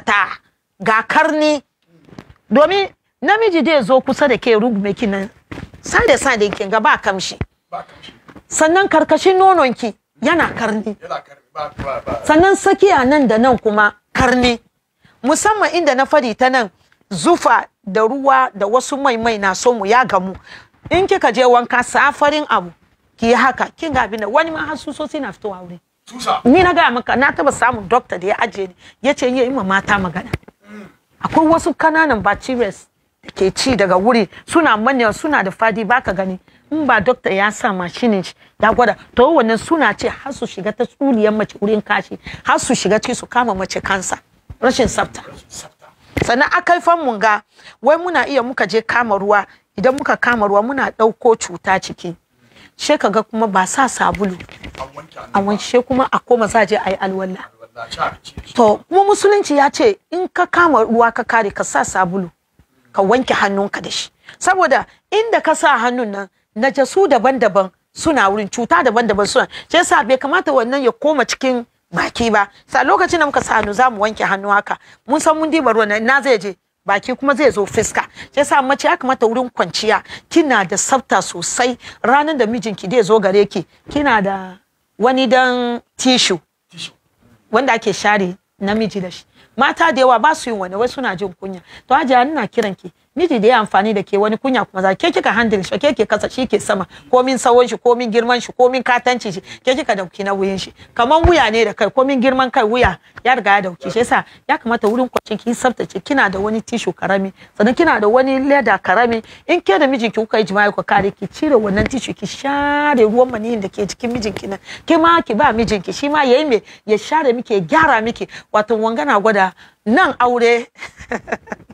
kyautata ga karni domin namiji dai zo kusa da ke Rugume ki nan sade sade ki ga ba kamshi sannan karkashin nonon ki yana karni sannan sakiya nan da nan kuma karni musamman inda na fadi ta nan zufa da ruwa da wasu maimai na so mu ya gamu in kika je wanka safarin abu ki haka kin ga abin wani ma har na fitowa wuri ni na gaya maka na taba samun doctor da ya aje ni ya ce yi ma mata magana akwai wasu kananan bacterias da ke ci daga wuri suna manya suna da fadi baka gani in ba doctor ya sa mashinin ya gwada to wannan suna ce har su shiga ta tsuliyar mace wurin kashi har su shiga ci su kama mace kansa rashin tsafta sannan akai fan mun ga wai muna iya muka je kama ruwa idan muka kama ruwa muna ɗauko cuta ciki she kaga kuma ba sa sabulu a wanshe kuma a koma za je a yi alwala to kuma musulunci ya ce in ka kama ruwa ka kare ka sa sabulu ka wanke hannunka da shi saboda inda ka sa hannun nan na jasu daban-daban suna wurin cuta daban-daban suna shi sa bai kamata wannan ya koma cikin baki ba sa lokacin da muka sa hannu za mu wanke hannu haka mun san mun diba ruwan na zai je baki kuma zai zo fiska shi sa mace ya kamata wurin kwanciya kina da tsafta sosai ranar da mijinki zai zo gare ki kina da wani dan tishu wanda ake share namiji da shi mata da yawa ba su yin wani wai suna jin kunya to hajiya ina kiran ki miji da ya amfani da ke wani kunya kuma za ke kika handle shi ke ke kasa shi ke sama komin sawon shi komin girman shi komin katanci shi ke kika dauki na wuyin shi kaman wuya ne da kai komin girman kai wuya ya riga ya dauki shi yasa ya kamata wurin kwacin ki tsaftace kina da wani tishu karami sannan kina da wani leda karami in ke da mijinki kuka yi jima'i ku kare ki cire wannan tishu ki share ruwan maniyin da ke cikin mijinki nan ki ma ki ba mijinki shi ma yayi me ya share miki ya gyara miki wato wangana gwada nan aure